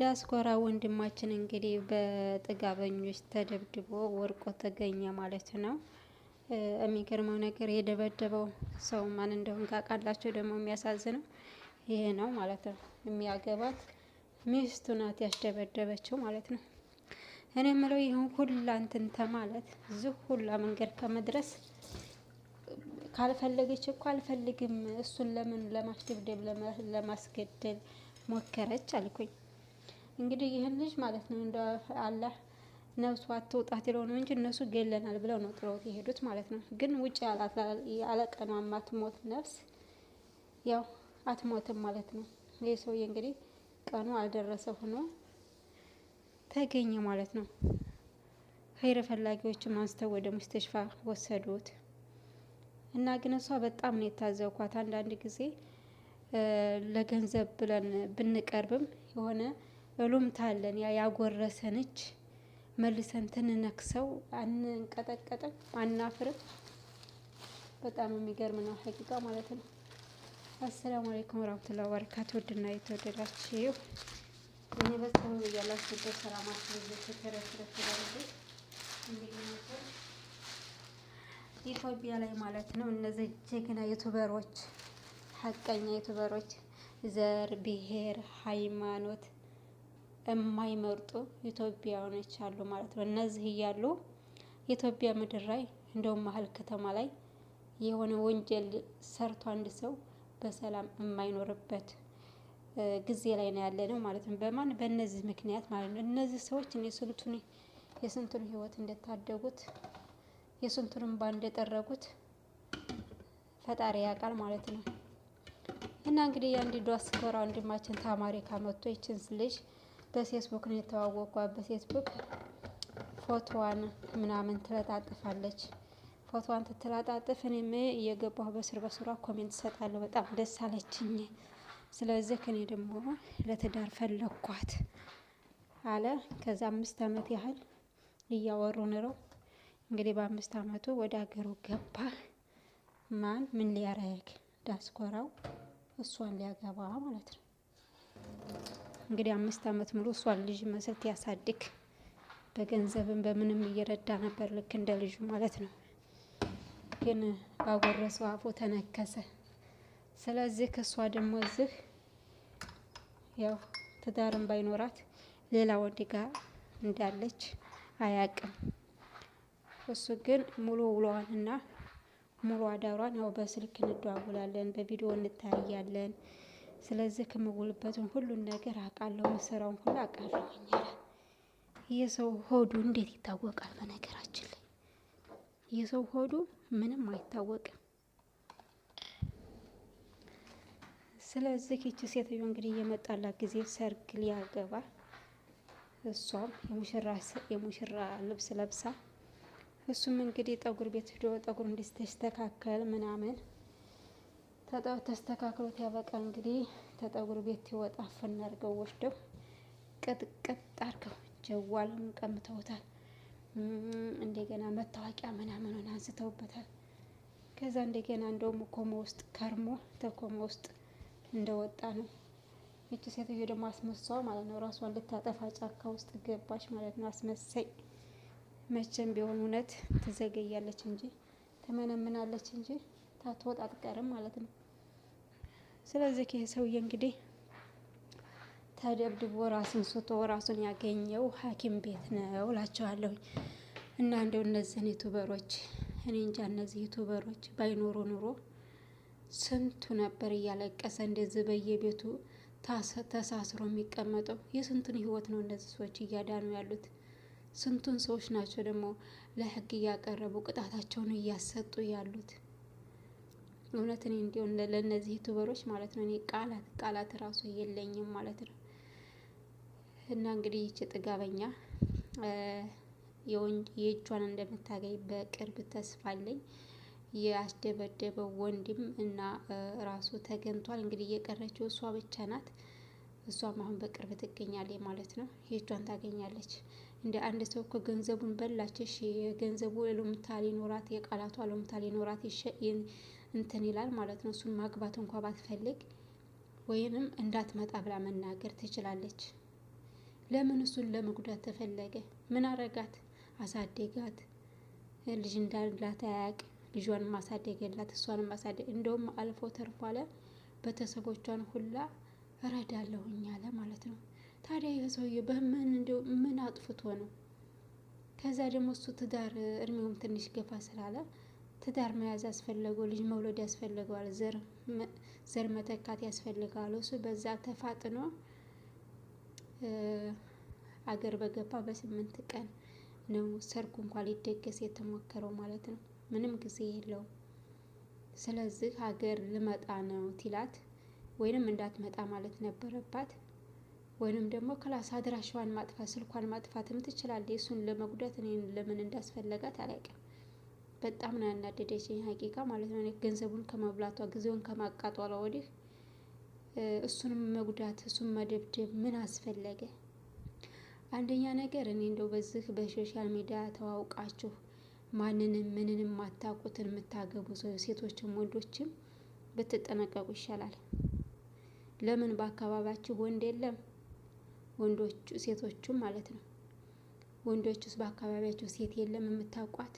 ዲያስፖራ ወንድማችን እንግዲህ በጥጋበኞች ተደብድቦ ወርቆ ተገኘ ማለት ነው። የሚገርመው ነገር የደበደበው ሰው ማን እንደሆን ካቃላቸው ደግሞ የሚያሳዝነው ይሄ ነው ማለት ነው። የሚያገባት ሚስቱ ናት ያስደበደበችው ማለት ነው። እኔ የምለው ይህን ሁላ እንትን ተማለት ዝህ ሁላ መንገድ ከመድረስ ካልፈለገች እኮ አልፈልግም እሱን ለምን ለማስደብደብ ለማስገደል ሞከረች አልኩኝ። እንግዲህ ይህን ልጅ ማለት ነው እንደ አላህ ነፍሱ አትውጣ ይለው ነው እንጂ እነሱ ገለናል ብለው ነው ጥለውት የሄዱት ማለት ነው። ግን ውጭ ያለቀኗ አትሞት ነፍስ ያው አትሞትም ማለት ነው። ይህ ሰውዬ እንግዲህ ቀኑ አልደረሰ ሆኖ ተገኘ ማለት ነው። ኸይረ ፈላጊዎችም አንስተው ወደ ሙስተሽፋ ወሰዱት እና ግን እሷ በጣም ነው የታዘብኳት። አንዳንድ ጊዜ ለገንዘብ ብለን ብንቀርብም የሆነ ሉምታለን ያ ያጎረሰንች መልሰን ትንነክሰው አንንቀጠቀጥም፣ አናፍርም። በጣም የሚገርም ነው ሀቂቃ ማለት ነው። አሰላሙ አለይኩም ወራህመቱላሂ ወበረካቱ። ውድና የተወደዳችሁ እኔ በሰው ያላችሁ በሰላማችሁ ተተረፍረፍ ኢትዮጵያ ላይ ማለት ነው እነዚህ ጀግና ዩቱበሮች ሀቀኛ ዩቱበሮች ዘር፣ ብሄር፣ ሃይማኖት የማይመርጡ ኢትዮጵያውያኖች አሉ ማለት ነው። እነዚህ እያሉ የኢትዮጵያ ምድር ላይ እንደውም መሀል ከተማ ላይ የሆነ ወንጀል ሰርቶ አንድ ሰው በሰላም የማይኖርበት ጊዜ ላይ ነው ያለ ነው ማለት ነው። በማን በእነዚህ ምክንያት ማለት ነው። እነዚህ ሰዎች እኔ ስንቱን የስንቱን ህይወት እንደታደጉት የስንቱን እንባ እንደጠረጉት ፈጣሪ ያውቃል ማለት ነው። እና እንግዲህ የአንድ ዶስ ወንድማችን ታማሪ ካመቶ ይችን ልጅ በፌስቡክ ነው የተዋወቋ። በፌስቡክ ፎቶዋን ምናምን ትለጣጥፋለች። ፎቶዋን ትተላጣጥፍ፣ እኔም እየገባሁ በስር በስሯ ኮሜንት ትሰጣለሁ። በጣም ደስ አለችኝ። ስለዚህ እኔ ደግሞ ለትዳር ፈለኳት አለ። ከዛ አምስት ዓመት ያህል እያወሩ ኑረው እንግዲህ በአምስት ዓመቱ ወደ ሀገሩ ገባ። ማን ምን ሊያረግ ዳስኮራው እሷን ሊያገባ ማለት ነው። እንግዲህ አምስት አመት ሙሉ እሷን ልጅ መስት ያሳድግ በገንዘብም በምንም እየረዳ ነበር ልክ እንደ ልጁ ማለት ነው። ግን ባጎረሰው አፉ ተነከሰ። ስለዚህ ከእሷ ደግሞ እዚህ ያው ትዳርም ባይኖራት ሌላ ወንድ ጋር እንዳለች አያቅም። እሱ ግን ሙሉ ውሏንና ሙሉ አዳሯን ያው በስልክ እንደዋውላለን፣ በቪዲዮ እንታያለን ስለዚህ ከምውልበትን ሁሉን ነገር አውቃለሁ፣ መሰራውን ሁሉ አውቃለሁ። የሰው ሆዱ እንዴት ይታወቃል? በነገራችን ላይ የሰው ሆዱ ምንም አይታወቅም። ስለዚህ ይቺ ሴትዮ እንግዲህ የመጣላ ጊዜ ሰርግ ሊያገባ እሷም የሙሽራ ልብስ ለብሳ እሱም እንግዲህ ጠጉር ቤት ሂዶ ጠጉር እንዲስተካከል ምናምን ተጠው ተስተካክሎት ያበቃል። እንግዲህ ተጠጉር ቤት ይወጣ ፈናርገው ወስደው ቅጥቅጥ አርገው ጀዋሉን ቀምተውታል። እንደገና መታወቂያ ምናምኑን አንስተውበታል። ከዛ እንደገና እንደውም ኮማ ውስጥ ከርሞ ተኮማ ውስጥ እንደወጣ ነው። ይቺ ሴትዮ ደግሞ አስመሳዋ ማለት ነው። ራሷን ልታጠፋ ጫካ ውስጥ ገባች ማለት ነው። አስመሳይ መቼም ቢሆን እውነት ትዘገያለች እንጂ ትመነምናለች እንጂ ታትወጣ አትቀርም ማለት ነው። ስለዚህ ይህ ሰውዬ እንግዲህ ተደብድቦ ራሱን ስቶ ራሱን ያገኘው ሐኪም ቤት ነው እላቸዋለሁ። እና እንደው እነዚህን ዩቱበሮች እኔ እንጃ እነዚህ ዩቱበሮች ባይኖሩ ኑሮ ስንቱ ነበር እያለቀሰ እንደዚህ በየቤቱ ተሳስሮ የሚቀመጠው። የስንቱን ህይወት ነው እነዚህ ሰዎች እያዳኑ ያሉት። ስንቱን ሰዎች ናቸው ደግሞ ለህግ እያቀረቡ ቅጣታቸውን እያሰጡ ያሉት። እውነት እኔ እንዲሁ ለእነዚህ ዩቱበሮች ማለት ነው እኔ ቃላት ቃላት እራሱ የለኝም ማለት ነው። እና እንግዲህ ይቺ ጥጋበኛ የእጇን እንደምታገኝ በቅርብ ተስፋ አለኝ። ያስደበደበው ወንድም እና ራሱ ተገንቷል። እንግዲህ እየቀረችው እሷ ብቻ ናት። እሷም አሁን በቅርብ ትገኛለች ማለት ነው። የእጇን ታገኛለች። እንደ አንድ ሰው እኮ ገንዘቡን በላችሽ። የገንዘቡ ሎምታ ሊኖራት የቃላቷ ሎምታ ሊኖራት እንትን ይላል ማለት ነው። እሱን ማግባት እንኳ ባትፈልግ ወይንም እንዳትመጣ ብላ መናገር ትችላለች። ለምን እሱን ለመጉዳት ተፈለገ? ምን አረጋት? አሳደጋት። ልጅ እንዳላት አያቅ። ልጇን ማሳደገላት፣ እሷን ማሳደግ እንደውም አልፎ ተርፎ አለ ቤተሰቦቿን ሁላ እረዳለሁኝ አለ ማለት ነው። ታዲያ ይህ ሰውዬ በምን እንደው ምን አጥፍቶ ነው? ከዛ ደግሞ እሱ ትዳር እድሜውም ትንሽ ገፋ ስላለ ትዳር መያዝ ያስፈለገው ልጅ መውለድ ያስፈልገዋል፣ ዘር መተካት ያስፈልገዋል። እሱ በዛ ተፋጥኖ አገር በገባ በስምንት ቀን ነው ሰርጉ እንኳን ሊደገስ የተሞከረው ማለት ነው። ምንም ጊዜ የለውም። ስለዚህ ሀገር ልመጣ ነው ቲላት ወይንም እንዳትመጣ ማለት ነበረባት። ወይንም ደግሞ ክላስ አድራሻዋን ማጥፋት ስልኳን ማጥፋትም ትችላለች። እሱን ለመጉዳት እኔን ለምን እንዳስፈለጋት አላውቅም። በጣም ነው ያናደደችኝ ሀቂቃ ማለት ነው። ገንዘቡን ከመብላቷ ጊዜውን ከማቃጠሏ ወዲህ እሱንም መጉዳት እሱን መደብደብ ምን አስፈለገ? አንደኛ ነገር እኔ እንደው በዚህ በሶሻል ሚዲያ ተዋውቃችሁ ማንንም ምንንም ማታውቁትን የምታገቡ ሴቶችም ወንዶችም ብትጠነቀቁ ይሻላል። ለምን በአካባቢያችሁ ወንድ የለም? ወንዶቹ ሴቶቹም ማለት ነው። ወንዶቹስ በአካባቢያቸው ሴት የለም የምታውቋት?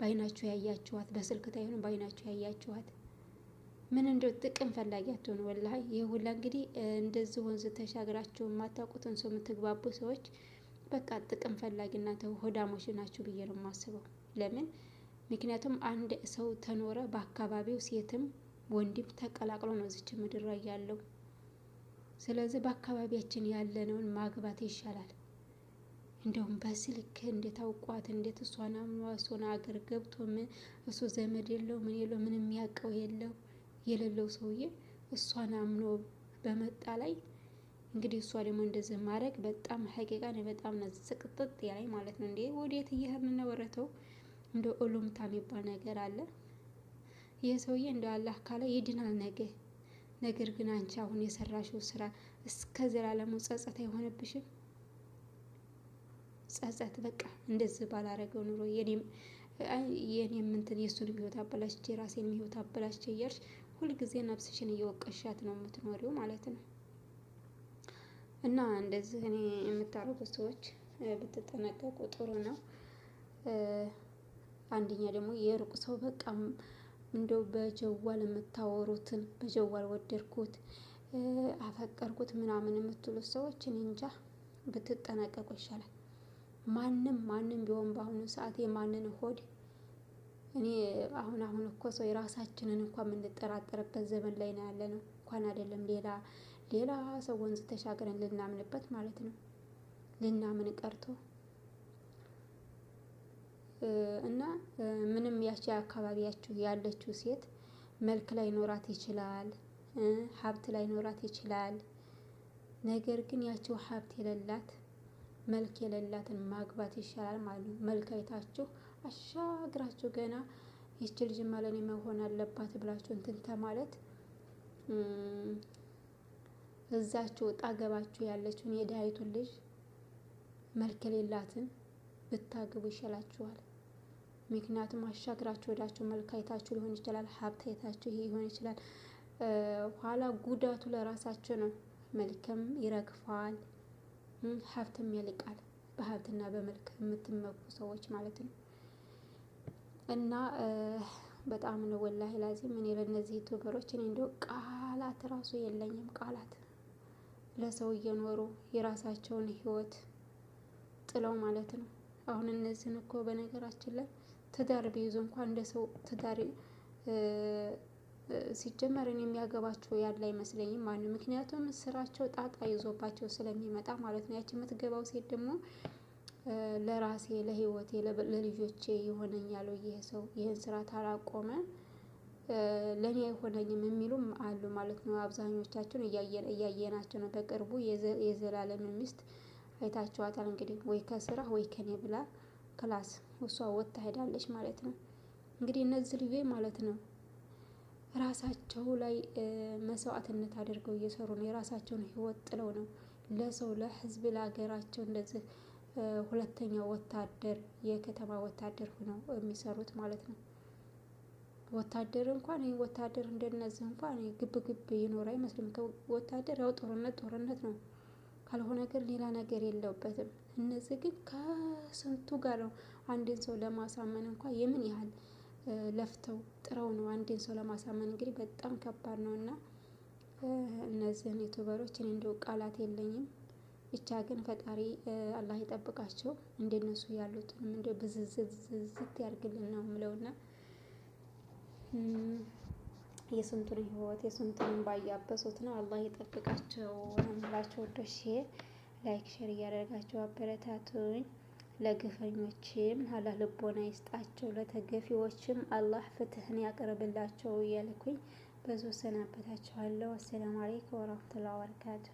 ባይናችሁ ያያችኋት፣ በስልክ ታይሆን ባይናችሁ ያያችኋት ምን እንደው ጥቅም ፈላጊ ነው ወላሂ። ይህ ሁላ እንግዲህ እንደዚህ ወንዝ ተሻግራችሁ የማታውቁትን ሰው የምትግባቡ ሰዎች በቃ ጥቅም ፈላጊ እናንተ ሆዳሞች ናችሁ ብዬ ነው የማስበው። ለምን ምክንያቱም አንድ ሰው ተኖረ በአካባቢው ሴትም ወንድም ተቀላቅሎ ነው እዚች ምድር ላይ ያለው። ስለዚህ በአካባቢያችን ያለነውን ማግባት ይሻላል። እንደውም በስልክ ልክ እንዴት አውቋት እንዴት እሷን አምኗ እሱን አገር ገብቶ ምን እሱ ዘመድ የለው ምን የለው ምን የሚያውቀው የለው የሌለው ሰውዬ እሷን አምኖ በመጣ ላይ እንግዲህ እሷ ደግሞ እንደዚህ ማድረግ በጣም ሀቂቃ ነው። በጣም ስቅጥጥ ያለኝ ማለት ነው። እንዴ ወዴት እየሄድን ነው? ወረተው እንደ ኦሎምታ የሚባል ነገር አለ። ይህ ሰውዬ እንደ አላህ ካለ ይድናል ነገ። ነገር ግን አንቺ አሁን የሰራሽው ስራ እስከ ዘላለሙ ጸጸታ የሆነብሽም ጸጸት በቃ እንደዚህ ባላረገው ኑሮ የኔም እንትን የእሱን ህይወት አበላሽቼ የራሴን ህይወት አበላሽቼ እያልሽ ሁልጊዜ ነፍስሽን እየወቀሻት ነው የምትኖሪው ማለት ነው። እና እንደዚህ እኔ የምታረጉ ሰዎች ብትጠነቀቁ ጥሩ ነው። አንደኛ ደግሞ የሩቅ ሰው በቃ እንደው በጀዋል የምታወሩትን በጀዋል ወደድኩት፣ አፈቀርኩት ምናምን የምትሉት ሰዎች እኔ እንጃ ብትጠነቀቁ ይሻላል። ማንም ማንም ቢሆን በአሁኑ ሰዓት የማንን ሆድ እኔ አሁን አሁን እኮ ሰው የራሳችንን እንኳ የምንጠራጠርበት ዘመን ላይ ነው ያለ ነው። እንኳን አይደለም ሌላ ሌላ ሰው ወንዝ ተሻገረን ልናምንበት ማለት ነው ልናምን ቀርቶ እና ምንም ያቺ አካባቢያችሁ ያለችው ሴት መልክ ላይ ኖራት ይችላል፣ ሀብት ላይ ኖራት ይችላል። ነገር ግን ያቺው ሀብት የሌላት መልክ የሌላትን ማግባት ይሻላል ማለት ነው። መልክ አይታችሁ አሻግራችሁ ገና ይች ልጅ ማለኔ መሆን አለባት ብላችሁ እንትን ተማለት እዛችሁ ወጣ ገባችሁ ያለችውን የድሃይቱን ልጅ መልክ የሌላትን ብታግቡ ይሻላችኋል። ምክንያቱም አሻግራችሁ ወዳችሁ መልክ አይታችሁ ሊሆን ይችላል፣ ሀብት አይታችሁ ይሄ ሊሆን ይችላል። ኋላ ጉዳቱ ለራሳችሁ ነው። መልክም ይረግፋል። ሀብትም ያልቃል። በሀብትና በመልክ የምትመኩ ሰዎች ማለት ነው። እና በጣም ነው ወላሂ ላዚም እኔ ለእነዚህ ዩቱበሮች እኔ እንደው ቃላት ራሱ የለኝም። ቃላት ለሰው እየኖሩ የራሳቸውን ህይወት ጥለው ማለት ነው። አሁን እነዚህን እኮ በነገራችን ላይ ትዳር ቢይዙ እንኳን እንደ ሰው ትዳር ሲጀመር እኔ የሚያገባቸው ያለ አይመስለኝም ማለት ነው። ምክንያቱም ስራቸው ጣጣ ይዞባቸው ስለሚመጣ ማለት ነው። ያቺ የምትገባው ሴት ደግሞ ለራሴ ለህይወቴ፣ ለልጆቼ ይሆነኛል ይሄ ሰው ይህን ስራ ታላቆመ ለእኔ አይሆነኝም የሚሉም አሉ ማለት ነው። አብዛኞቻችን እያየናቸው ነው። በቅርቡ የዘላለም ሚስት አይታችኋታል እንግዲህ ወይ ከስራ ወይ ከኔ ብላ ክላስ እሷ ወጥታ ሄዳለች ማለት ነው። እንግዲህ እነዚህ ልዩ ማለት ነው ራሳቸው ላይ መስዋዕትነት አድርገው እየሰሩ ነው። የራሳቸውን ህይወት ጥለው ነው ለሰው ለህዝብ፣ ለሀገራቸው እንደዚህ ሁለተኛ ወታደር የከተማ ወታደር ሆነው የሚሰሩት ማለት ነው። ወታደር እንኳን ይህ ወታደር እንደነዚህ እንኳን ግብ ግብ ይኖር አይመስልም። ወታደር ያው ጦርነት ጦርነት ነው፣ ካልሆነ ግን ሌላ ነገር የለውበትም። እነዚህ ግን ከስንቱ ጋር ነው አንድን ሰው ለማሳመን እንኳን የምን ያህል ለፍተው ጥረው ነው አንድን ሰው ለማሳመን እንግዲህ በጣም ከባድ ነው እና እነዚህን ዩቱበሮች እኔ እንደው ቃላት የለኝም። ብቻ ግን ፈጣሪ አላህ ይጠብቃቸው እንደነሱ ያሉትንም እንደ ብዝዝዝዝት ያርግልን ነው የምለውና የስንቱን ህይወት የስንቱን ባያበሱት ነው አላህ ይጠብቃቸው ነው የምላቸው። ወዶቼ ላይክ ሼር እያደረጋቸው አበረታቱኝ። ለግፈኞችም አላህ ልቦና ይስጣቸው፣ ለተገፊዎችም አላህ ፍትህን ያቅርብላቸው እያልኩኝ በዙ ሰናበታችኋለሁ። አሰላሙ አለይኩም ወረህመቱላሂ ወበረካቱ።